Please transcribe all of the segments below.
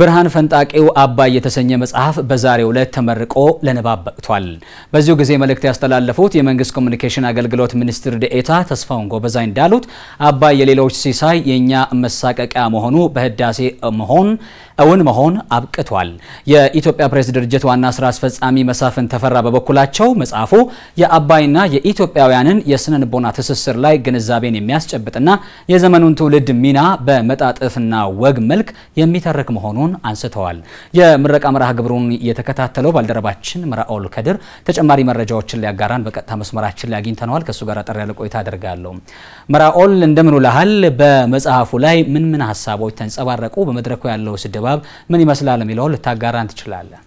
ብርሃን ፈንጣቂው አባይ የተሰኘ መጽሐፍ በዛሬው ዕለት ተመርቆ ለንባብ በቅቷል። በዚሁ ጊዜ መልእክት ያስተላለፉት የመንግስት ኮሚኒኬሽን አገልግሎት ሚኒስትር ዴኤታ ተስፋውን ጎበዛይ እንዳሉት አባይ የሌሎች ሲሳይ የእኛ መሳቀቂያ መሆኑ በህዳሴ መሆን እውን መሆን አብቅቷል። የኢትዮጵያ ፕሬስ ድርጅት ዋና ስራ አስፈጻሚ መሳፍን ተፈራ በበኩላቸው መጽሐፉ የአባይና የኢትዮጵያውያንን የስነ ልቦና ትስስር ላይ ግንዛቤን የሚያስጨብጥና የዘመኑን ትውልድ ሚና በመጣጥፍና ወግ መልክ የሚተርክ መሆኑን አንስተዋል። የምረቃ መርሃ ግብሩን የተከታተለው ባልደረባችን መራኦል ከድር ተጨማሪ መረጃዎችን ሊያጋራን በቀጥታ መስመራችን ላይ አግኝተነዋል። ከእሱ ጋር አጠር ያለ ቆይታ አደርጋለሁ። መራኦል እንደምን ውለሃል? በመጽሐፉ ላይ ምን ምን ሀሳቦች ተንጸባረቁ? በመድረኩ ያለው ስደባ ድባብ ምን ይመስላል የሚለውን ልታጋራን ትችላለን?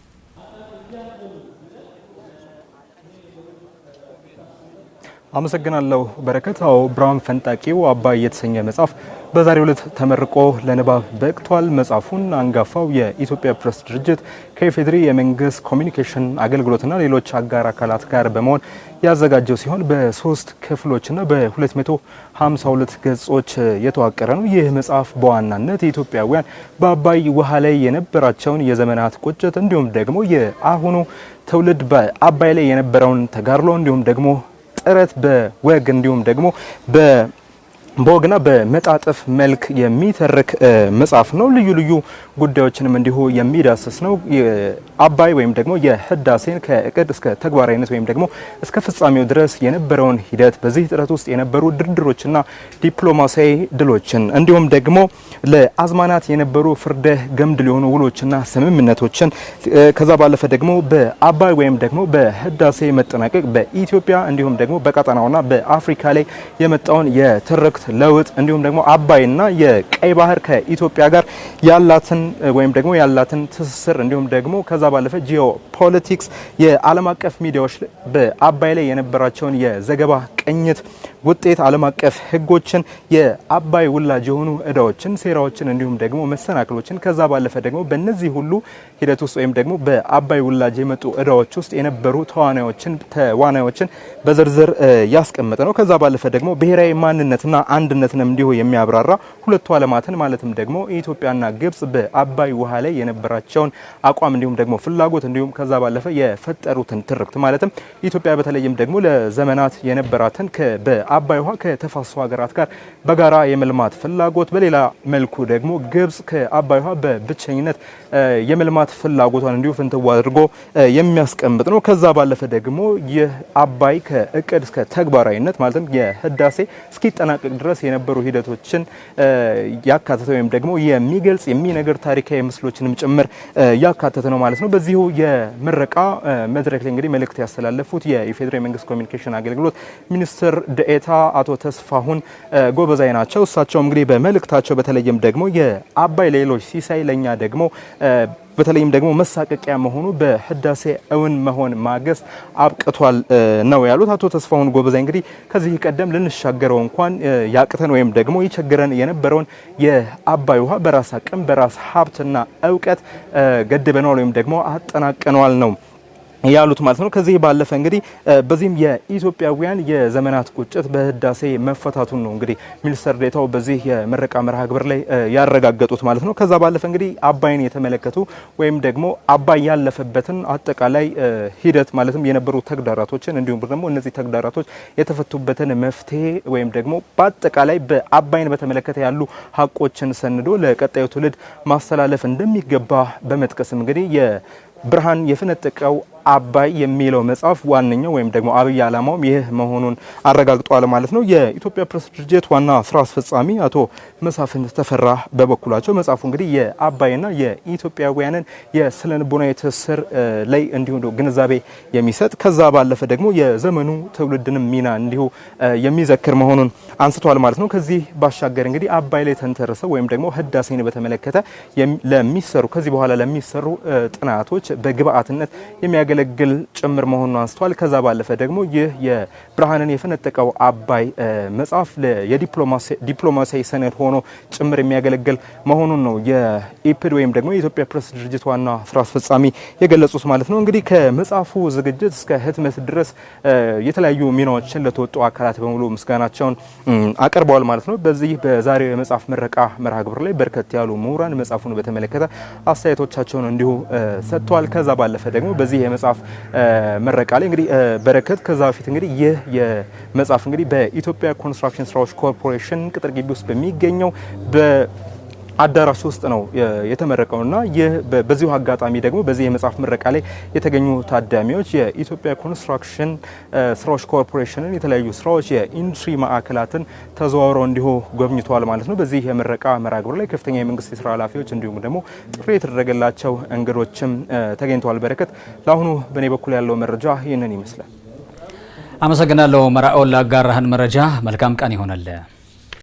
አመሰግናለሁ በረከት። አዎ ብርሃን ፈንጣቂው አባይ የተሰኘ መጽሐፍ በዛሬው ዕለት ተመርቆ ለንባብ በቅቷል። መጽሐፉን አንጋፋው የኢትዮጵያ ፕሬስ ድርጅት ከኢፌዴሪ የመንግስት ኮሚኒኬሽን አገልግሎትና ሌሎች አጋር አካላት ጋር በመሆን ያዘጋጀው ሲሆን በሶስት ክፍሎችና በ252 ገጾች የተዋቀረ ነው። ይህ መጽሐፍ በዋናነት ኢትዮጵያውያን በአባይ ውሃ ላይ የነበራቸውን የዘመናት ቁጭት እንዲሁም ደግሞ የአሁኑ ትውልድ በአባይ ላይ የነበረውን ተጋድሎ እንዲሁም ደግሞ ጥረት በወግ እንዲሁም ደግሞ በ በወግና በመጣጥፍ መልክ የሚተርክ መጽሐፍ ነው። ልዩ ልዩ ጉዳዮችንም እንዲሁ የሚዳስስ ነው። አባይ ወይም ደግሞ የህዳሴን ከእቅድ እስከ ተግባራዊነት ወይም ደግሞ እስከ ፍጻሜው ድረስ የነበረውን ሂደት፣ በዚህ ጥረት ውስጥ የነበሩ ድርድሮችና ዲፕሎማሲያዊ ድሎችን እንዲሁም ደግሞ ለአዝማናት የነበሩ ፍርደ ገምድ ሊሆኑ ውሎችና ስምምነቶችን ከዛ ባለፈ ደግሞ በአባይ ወይም ደግሞ በህዳሴ መጠናቀቅ በኢትዮጵያ እንዲሁም ደግሞ በቀጠናውና በአፍሪካ ላይ የመጣውን የተረክት ለውጥ እንዲሁም ደግሞ አባይና የቀይ ባህር ከኢትዮጵያ ጋር ያላትን ወይም ደግሞ ያላትን ትስስር እንዲሁም ደግሞ ከዛ ባለፈ ጂኦ ፖለቲክስ የዓለም አቀፍ ሚዲያዎች በአባይ ላይ የነበራቸውን የዘገባ ቅኝት ውጤት፣ ዓለም አቀፍ ሕጎችን፣ የአባይ ውላጅ የሆኑ እዳዎችን፣ ሴራዎችን እንዲሁም ደግሞ መሰናክሎችን ከዛ ባለፈ ደግሞ በእነዚህ ሁሉ ሂደት ውስጥ ወይም ደግሞ በአባይ ውላጅ የመጡ እዳዎች ውስጥ የነበሩ ተዋናዮችን ተዋናዮችን በዝርዝር ያስቀመጠ ነው። ከዛ ባለፈ ደግሞ ብሔራዊ ማንነትና አንድነትንም እንዲሁ የሚያብራራ ሁለቱ አለማትን ማለትም ደግሞ ኢትዮጵያና ግብጽ በአባይ ውሃ ላይ የነበራቸውን አቋም እንዲሁም ደግሞ ፍላጎት እንዲሁም ከዛ ባለፈ የፈጠሩትን ትርክት ማለትም ኢትዮጵያ በተለይም ደግሞ ለዘመናት የነበራትን በአባይ ውሃ ከተፋሰሱ ሀገራት ጋር በጋራ የመልማት ፍላጎት፣ በሌላ መልኩ ደግሞ ግብጽ ከአባይ ውሃ በብቸኝነት የመልማት ፍላጎቷን እንዲሁ ፍንትው አድርጎ የሚያስቀምጥ ነው። ከዛ ባለፈ ደግሞ ይህ አባይ ከእቅድ እስከ ተግባራዊነት ማለትም የህዳሴ እስኪጠናቀቅ ድረስ ድረስ የነበሩ ሂደቶችን ያካተተ ወይም ደግሞ የሚገልጽ የሚነገር ታሪካዊ ምስሎችንም ጭምር ያካተተ ነው ማለት ነው። በዚሁ የምረቃ መድረክ ላይ እንግዲህ መልእክት ያስተላለፉት የኢፌዴሪ መንግስት ኮሚኒኬሽን አገልግሎት ሚኒስትር ደኤታ አቶ ተስፋሁን ጎበዛይ ናቸው። እሳቸውም እንግዲህ በመልእክታቸው በተለይም ደግሞ የአባይ ሌሎች ሲሳይ ለእኛ ደግሞ በተለይም ደግሞ መሳቀቂያ መሆኑ በህዳሴ እውን መሆን ማግስት አብቅቷል ነው ያሉት አቶ ተስፋሁን ጎበዛይ። እንግዲህ ከዚህ ቀደም ልንሻገረው እንኳን ያቅተን ወይም ደግሞ ይቸግረን የነበረውን የአባይ ውሃ በራስ አቅም በራስ ሀብትና እውቀት ገድበነዋል ወይም ደግሞ አጠናቀነዋል ነው ያሉት ማለት ነው። ከዚህ ባለፈ እንግዲህ በዚህም የኢትዮጵያውያን የዘመናት ቁጭት በህዳሴ መፈታቱን ነው እንግዲህ ሚኒስትር ዴኤታው በዚህ የምረቃ መርሃ ግብር ላይ ያረጋገጡት ማለት ነው። ከዛ ባለፈ እንግዲህ አባይን የተመለከቱ ወይም ደግሞ አባይ ያለፈበትን አጠቃላይ ሂደት ማለትም የነበሩ ተግዳራቶችን እንዲሁም ደግሞ እነዚህ ተግዳራቶች የተፈቱበትን መፍትሄ ወይም ደግሞ በአጠቃላይ በአባይን በተመለከተ ያሉ ሀቆችን ሰንዶ ለቀጣዩ ትውልድ ማስተላለፍ እንደሚገባ በመጥቀስም እንግዲህ የብርሃን የፈነጠቀው አባይ የሚለው መጽሐፍ ዋነኛው ወይም ደግሞ አብይ ዓላማውም ይህ መሆኑን አረጋግጧል ማለት ነው። የኢትዮጵያ ፕሬስ ድርጅት ዋና ስራ አስፈጻሚ አቶ መሳፍን ተፈራ በበኩላቸው መጽሐፉ እንግዲህ የአባይና የኢትዮጵያውያንን የስነ ልቦናዊ ትስስር ላይ እንዲሁ ግንዛቤ የሚሰጥ ከዛ ባለፈ ደግሞ የዘመኑ ትውልድንም ሚና እንዲሁ የሚዘክር መሆኑን አንስቷል ማለት ነው። ከዚህ ባሻገር እንግዲህ አባይ ላይ ተንተርሰው ወይም ደግሞ ህዳሴን በተመለከተ ለሚሰሩ ከዚህ በኋላ ለሚሰሩ ጥናቶች በግብአትነት የሚያገለ የሚያገለግል ጭምር መሆኑን አንስቷል። ከዛ ባለፈ ደግሞ ይህ የብርሃንን የፈነጠቀው አባይ መጽሐፍ የዲፕሎማሲያዊ ሰነድ ሆኖ ጭምር የሚያገለግል መሆኑን ነው የኢፕድ ወይም ደግሞ የኢትዮጵያ ፕሬስ ድርጅት ዋና ስራ አስፈጻሚ የገለጹት ማለት ነው። እንግዲህ ከመጽሐፉ ዝግጅት እስከ ህትመት ድረስ የተለያዩ ሚናዎችን ለተወጡ አካላት በሙሉ ምስጋናቸውን አቅርበዋል ማለት ነው። በዚህ በዛሬው የመጽሐፍ ምረቃ መርሃ ግብር ላይ በርከት ያሉ ምሁራን መጽሐፉን በተመለከተ አስተያየቶቻቸውን እንዲሁ ሰጥተዋል። ከዛ ባለፈ ደግሞ በዚህ መጽሐፍ መረቃ ላይ እንግዲህ በረከት ከዛ በፊት እንግዲህ ይህ የመጽሐፍ እንግዲህ በኢትዮጵያ ኮንስትራክሽን ስራዎች ኮርፖሬሽን ቅጥር ግቢ ውስጥ በሚገኘው አዳራሽ ውስጥ ነው የተመረቀውና በዚሁ አጋጣሚ ደግሞ በዚህ የመጽሐፍ ምረቃ ላይ የተገኙ ታዳሚዎች የኢትዮጵያ ኮንስትራክሽን ስራዎች ኮርፖሬሽንን የተለያዩ ስራዎች፣ የኢንዱስትሪ ማዕከላትን ተዘዋውረው እንዲሁ ጎብኝተዋል ማለት ነው። በዚህ የምረቃ መርሃ ግብር ላይ ከፍተኛ የመንግስት የስራ ኃላፊዎች እንዲሁም ደግሞ ጥሪ የተደረገላቸው እንግዶችም ተገኝተዋል። በረከት፣ ለአሁኑ በእኔ በኩል ያለው መረጃ ይህንን ይመስላል። አመሰግናለሁ። መራኦል አጋራህን መረጃ መልካም ቀን ይሆናል።